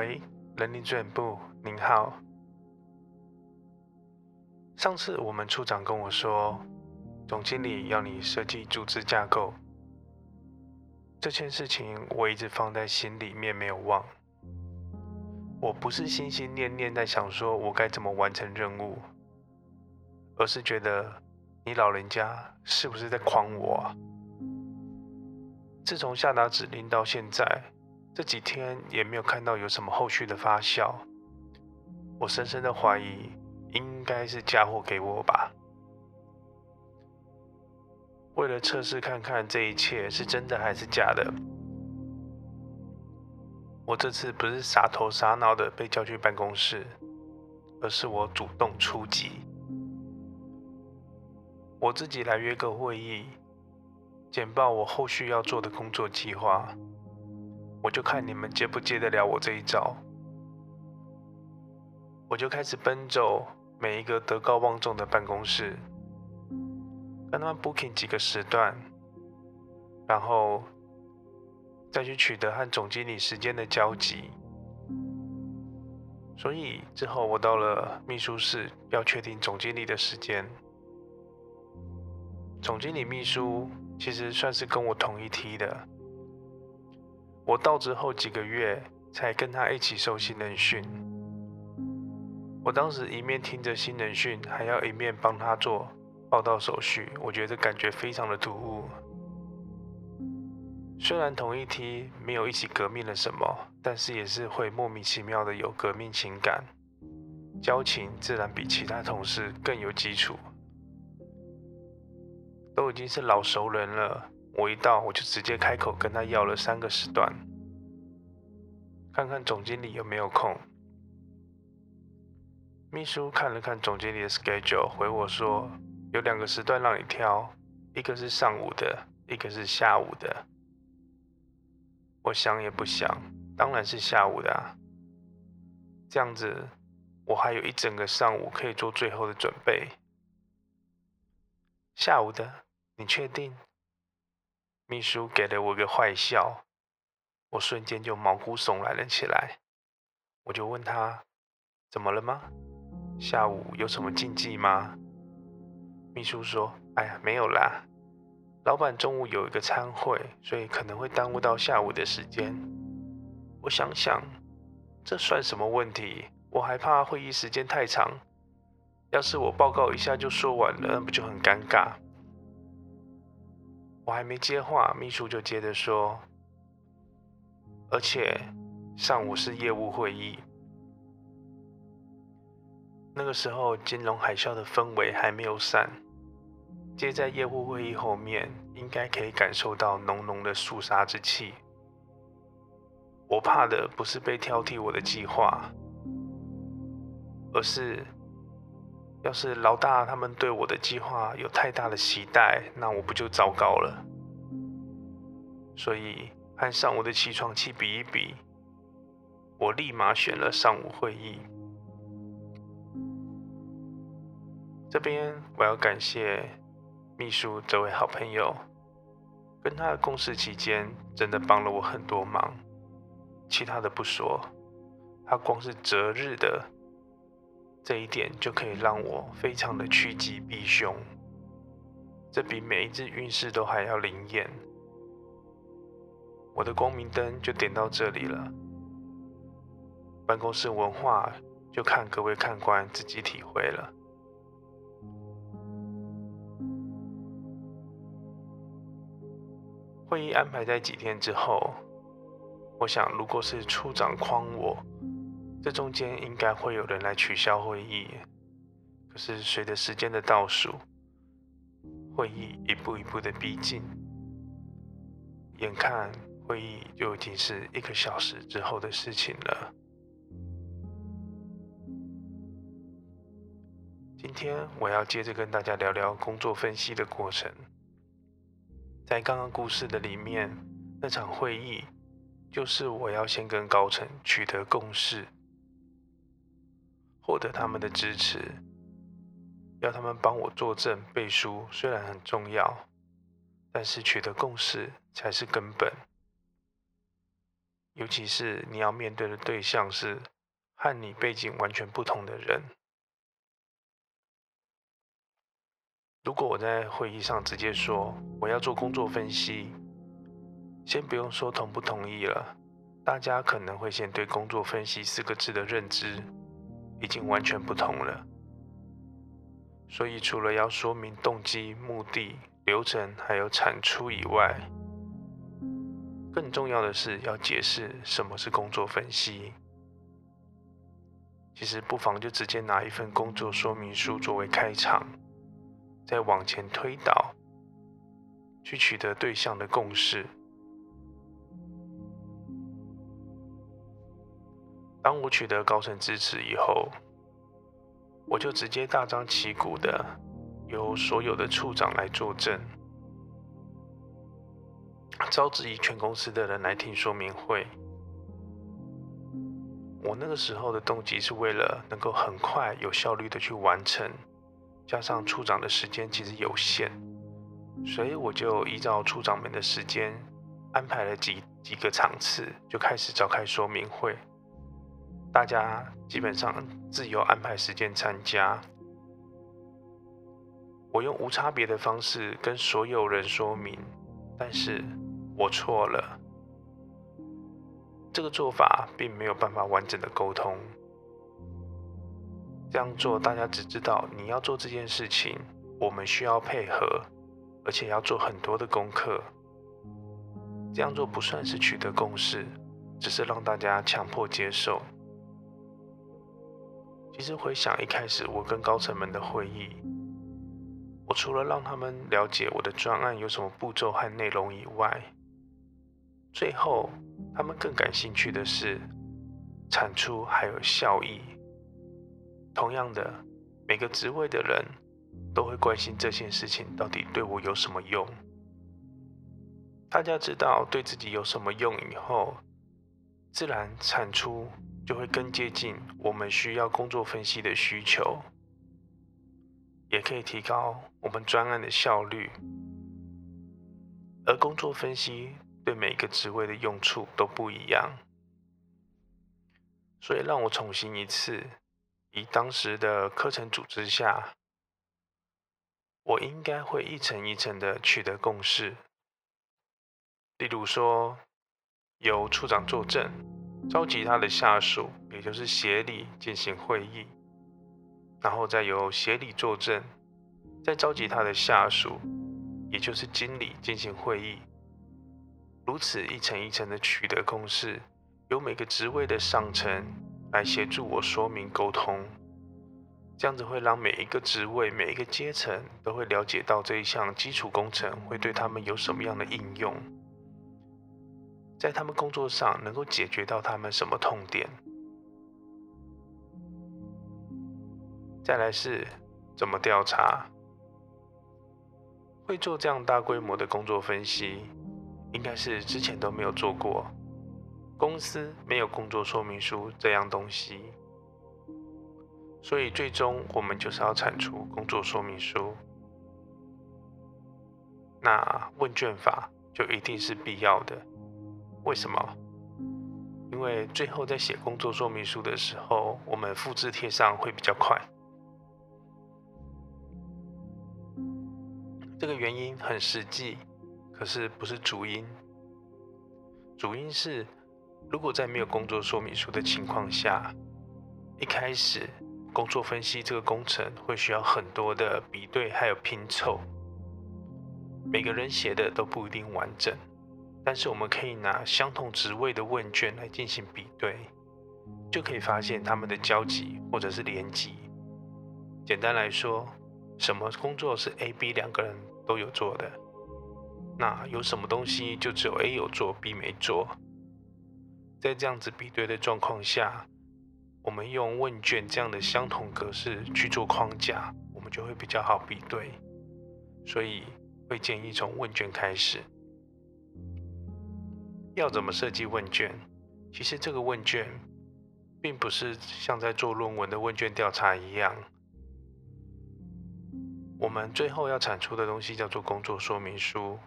喂，人力資源部，您好。上次我們處長跟我說，總經理要你設計組織架構，這件事情我一直放在心裡面沒有忘。我不是心心念念在想說我該怎麼完成任務，而是覺得你老人家是不是在誆我啊？自從下達指令到現在。這幾天也沒有看到有什麼後續的發酵，我深深的懷疑，應該是嫁禍給我吧。為了測試看看這一切是真的還是假的，我這次不是傻頭傻腦的被叫去辦公室，而是我主動出擊，我自己來約個會議，簡報我後續要做的工作計劃。我就看你們接不接得了我這一招，我就開始奔走每一個德高望重的辦公室，跟他們 booking 幾個時段，然後再去取得和總經理時間的交集。所以之後我到了秘書室，要確定總經理的時間。總經理秘書其實算是跟我同一梯的。我到職後幾個月才跟他一起受新人訓，我當時一面聽着新人訓，還要一面幫他做報到手續，我覺得感覺非常的突兀。雖然同一梯沒有一起革命了什麼，但是也是會莫名其妙的有革命情感，交情自然比其他同事更有基礎，都已經是老熟人了。我一到，我就直接開口跟他要了三個時段，看看總經理有沒有空。秘書看了看總經理的 schedule，回我說有兩個時段讓你挑，一個是上午的，一個是下午的。我想也不想，當然是下午的啊。這樣子，我還有一整個上午可以做最後的準備。下午的，你確定？秘書給了我一個壞笑，我瞬間就毛骨悚然了起來。我就問他：“怎麼了嗎？下午有什麼禁忌嗎？”秘書說：“哎呀，沒有啦，老闆中午有一個餐會，所以可能會耽誤到下午的時間。”我想想，這算什麼問題？我還怕會議時間太長，要是我報告一下就說完了，那不就很尷尬？我還沒接話，秘書就接着說，而且上午是業務會議。那個時候金融海嘯的氛圍還沒有散，接在業務會議後面，應該可以感受到濃濃的肅殺之氣。我怕的不是被挑剔，我的計劃，而是。要是老大他們對我的計劃有太大的期待，那我不就糟糕了？所以和上午的起床氣比一比，我立馬選了上午會議。這邊我要感謝秘書這位好朋友，跟他的共事期間真的幫了我很多忙。其他的不說，他光是擇日的。這一點就可以讓我非常的趨吉避凶，這比每一次運勢都還要靈驗。我的光明燈就點到這裡了。辦公室文化就看各位看官自己體會了。會議安排在幾天之後，我想如果是處長誆我。這中間應該會有人來取消會議，可是隨着時間的倒數，會議一步一步的逼近，眼看會議就已經是一個小時之後的事情了。今天我要接着跟大家聊聊工作分析的過程，在剛剛故事的裡面那場會議，就是我要先跟高層取得共識。獲得他們的支持，要他們幫我作證背書，雖然很重要，但是取得共識才是根本。尤其是你要面對的對象是和你背景完全不同的人。如果我在會議上直接說我要做工作分析，先不用說同不同意了，大家可能會先對“工作分析”四個字的認知。已經完全不同了，所以除了要說明動機、目的、流程，還有產出以外，更重要的是要解釋什麼是工作分析。其實不妨就直接拿一份工作說明書作為開場，再往前推導，去取得對象的共識。當我取得高層支持以後，我就直接大張旗鼓的由所有的處長來坐鎮，召集全公司的人來聽說明會。我那個時候的動機是為了能夠很快、有效率的去完成，加上處長的時間其實有限，所以我就依照處長們的時間安排了幾幾個場次，就開始召開說明會。大家基本上自由安排時間參加。我用無差別的方式跟所有人說明，但是我錯了。這個做法並沒有辦法完整的溝通。這樣做，大家只知道你要做這件事情，我們需要配合，而且要做很多的功課。這樣做不算是取得共識，只是讓大家強迫接受。其實回想一開始我跟高層們的會議，我除了讓他們了解我的專案有什麼步驟和內容以外，最後他們更感興趣的是產出還有效益。同樣的，每個職位的人都會關心這件事情到底對我有什麼用。大家知道對自己有什麼用以後，自然產出就會更接近我們需要工作分析的需求，也可以提高我們專案的效率。而工作分析對每個職位的用處都不一樣，所以讓我重新一次，以當時的課程組織下，我應該會一層一層的取得共識。例如說，由處長作證。召集他的下屬，也就是協理進行會議，然後再由協理坐鎮，再召集他的下屬，也就是經理進行會議，如此一層一層的取得共識，由每個職位的上層來協助我說明溝通，這樣子會讓每一個職位、每一個階層都會了解到這一項基礎工程會對他們有什麼樣的應用。在他們工作上能夠解決到他們什麼痛點？再來是怎麼調查？會做這樣大規模的工作分析，應該是之前都沒有做過。公司沒有工作說明書這樣東西，所以最終我們就是要產出工作說明書。那問卷法就一定是必要的。為什麼？因為最後在寫工作說明書的時候，我們複製貼上會比較快。這個原因很實際，可是不是主因。主因是，如果在沒有工作說明書的情況下，一開始工作分析這個工程會需要很多的比對，還有拼湊。每個人寫的都不一定完整。但是我們可以拿相同職位的問卷來進行比對，就可以發現他們的交集或者是聯集。簡單來說，什麼工作是 A、B 兩個人都有做的？那有什麼東西就只有 A 有做，B 沒做？在這樣子比對的狀況下，我們用問卷這樣的相同格式去做框架，我們就會比較好比對。所以會建議從問卷開始。要怎麼設計問卷？其實這個問卷，並不是像在做論文的問卷調查一樣，我們最後要產出的東西叫做工作說明書，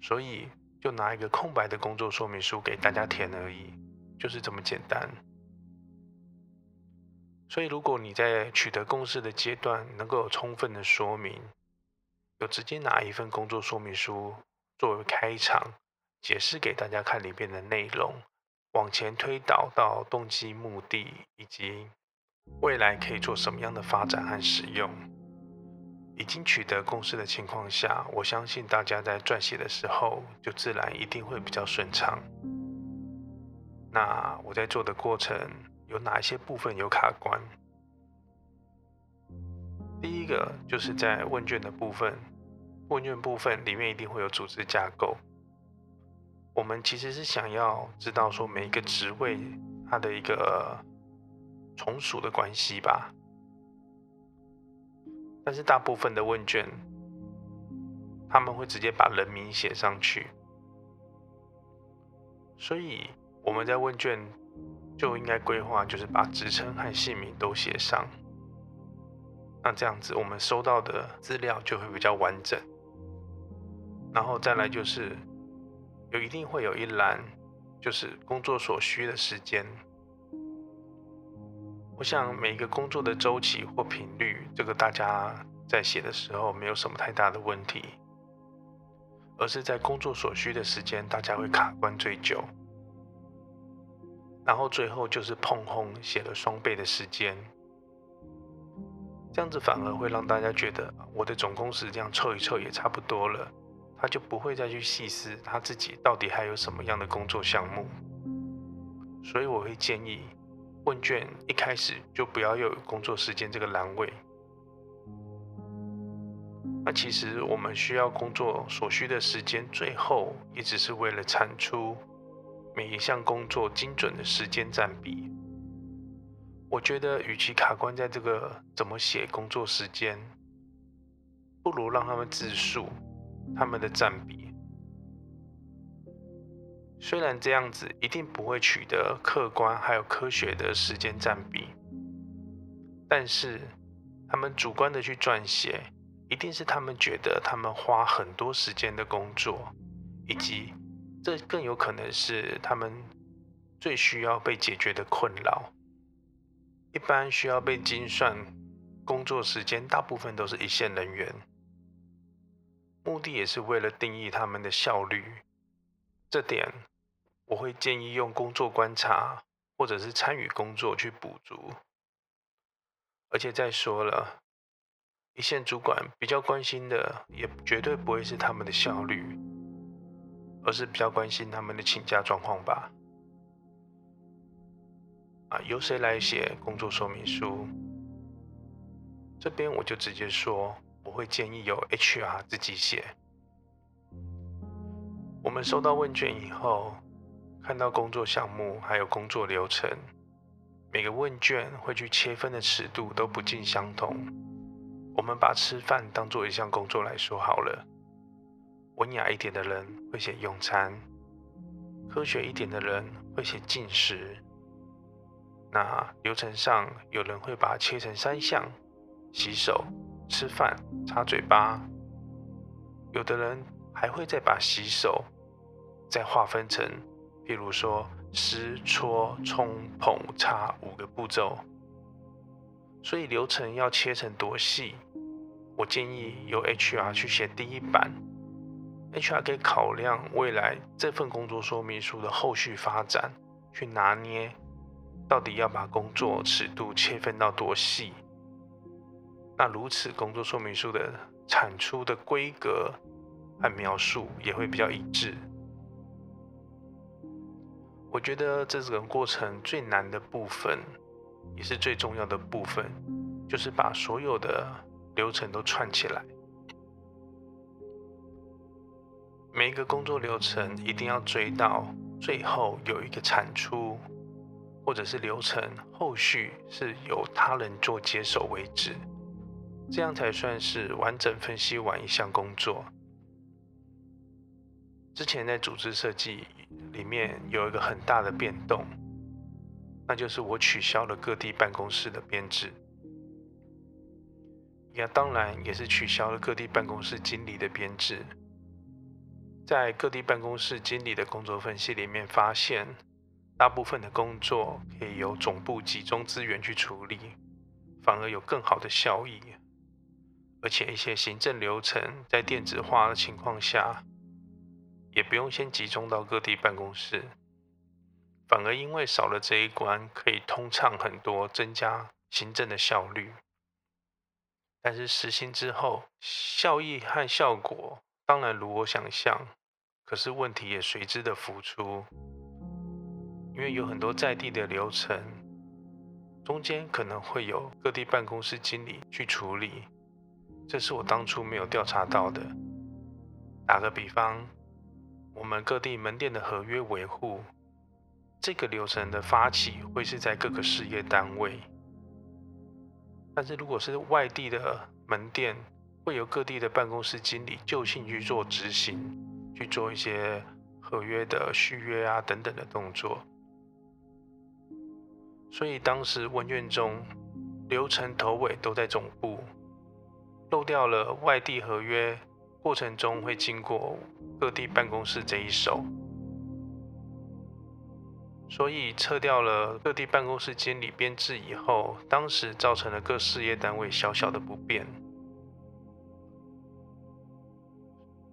所以就拿一個空白的工作說明書給大家填而已，就是這麼簡單。所以如果你在取得共識的階段能夠有充分的說明，就直接拿一份工作說明書作為開場。解釋給大家看裡面的內容，往前推導到動機、目的以及未來可以做什麼樣的發展和使用。已經取得共識的情況下，我相信大家在撰寫的時候就自然一定會比較順暢。那我在做的過程有哪一些部分有卡關？第一個就是在問卷的部分，問卷部分裡面一定會有組織架構。我們其實是想要知道說，每一個職位它的一個從屬的關係吧，但是大部分的問卷他們會直接把人名寫上去，所以我們在問卷就應該規劃，就是把職稱和姓名都寫上，那這樣子我們收到的資料就會比較完整，然後再來就是。有一定會有一欄，就是工作所需的時間。我想每一個工作的週期或頻率，這個大家在寫的時候沒有什麼太大的問題，而是在工作所需的時間，大家會卡關最久，然後最後就是膨風寫了雙倍的時間，這樣子反而會讓大家覺得我的總工時這樣湊一湊也差不多了。他就不會再去細思他自己到底還有什麼樣的工作項目，所以我會建議問卷一開始就不要有工作時間這個欄位。那其實我們需要工作所需的時間，最後也只是為了產出每一項工作精準的時間占比。我覺得，與其卡關在這個怎麼寫工作時間，不如讓他們自述，他們的占比雖然這樣子一定不會取得客觀還有科學的時間占比，但是他們主觀的去撰寫，一定是他們覺得他們花很多時間的工作，以及這更有可能是他們最需要被解決的困擾。一般需要被精算工作時間，大部分都是一線人員。目的也是為了定義他們的效率，這點我會建議用工作觀察或者是參與工作去補足。而且再說了，一線主管比較關心的也絕對不會是他們的效率，而是比較關心他們的請假狀況吧？啊，由誰來寫工作說明書？這邊我就直接說。會建議由 HR 自己寫。我們收到問卷以後，看到工作項目還有工作流程，每個問卷會去切分的尺度都不盡相同。我們把吃飯當做一項工作來說好了。文雅一點的人會寫用餐，科學一點的人會寫進食。那流程上有人會把它切成三項：洗手。吃飯、擦嘴巴，有的人還會再把洗手再劃分成，譬如說濕、搓、沖、捧、擦五個步驟。所以流程要切成多細，我建議由 HR 去寫第一版。HR 可以考量未來這份工作說明書的後續發展，去拿捏到底要把工作尺度切分到多細。那如此，工作說明書的產出的規格和描述也會比較一致。我覺得這整個過程最難的部分，也是最重要的部分，就是把所有的流程都串起來。每一個工作流程一定要追到最後有一個產出，或者是流程後續是由他人做接手為止。這樣才算是完整分析完一項工作。之前在組織設計裡面有一個很大的變動，那就是我取消了各地辦公室的編制，也當然也是取消了各地辦公室經理的編制。在各地辦公室經理的工作分析裡面，發現大部分的工作可以由總部集中資源去處理，反而有更好的效益。而且一些行政流程在電子化的情況下，也不用先集中到各地辦公室，反而因為少了這一關，可以通暢很多，增加行政的效率。但是實行之後，效益和效果當然如我想象，可是問題也隨之的浮出，因為有很多在地的流程，中間可能會有各地辦公室經理去處理。這是我當初沒有調查到的。打個比方，我們各地門店的合約維護，這個流程的發起會是在各個事業單位，但是如果是外地的門店，會由各地的辦公室經理就近去做執行，去做一些合約的續約啊等等的動作。所以當時問卷中，流程頭尾都在總部。漏掉了外地合約過程中會經過各地辦公室這一手，所以撤掉了各地辦公室經理編制以後，當時造成了各事業單位小小的不便。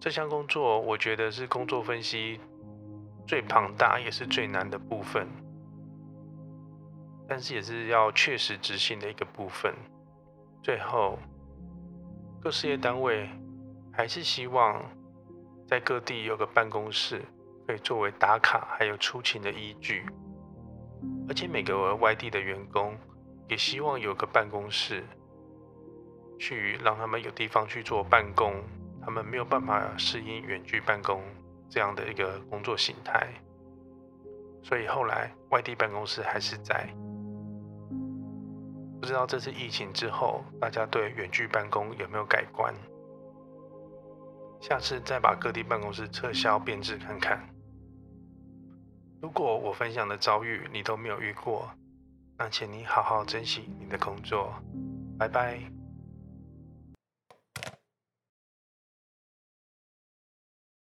這項工作我覺得是工作分析最龐大也是最難的部分，但是也是要確實執行的一個部分。最後。各事業單位還是希望在各地有個辦公室，可以作為打卡還有出勤的依據。而且每個外地的員工也希望有個辦公室，去讓他們有地方去做辦公。他們沒有辦法適應遠距辦公這樣的一個工作形態，所以後來外地辦公室還是在。不知道這次疫情之後，大家對遠距辦公有沒有改觀？下次再把各地辦公室撤銷編制，看看。如果我分享的遭遇你都沒有遇過，那請你好好珍惜你的工作。拜拜。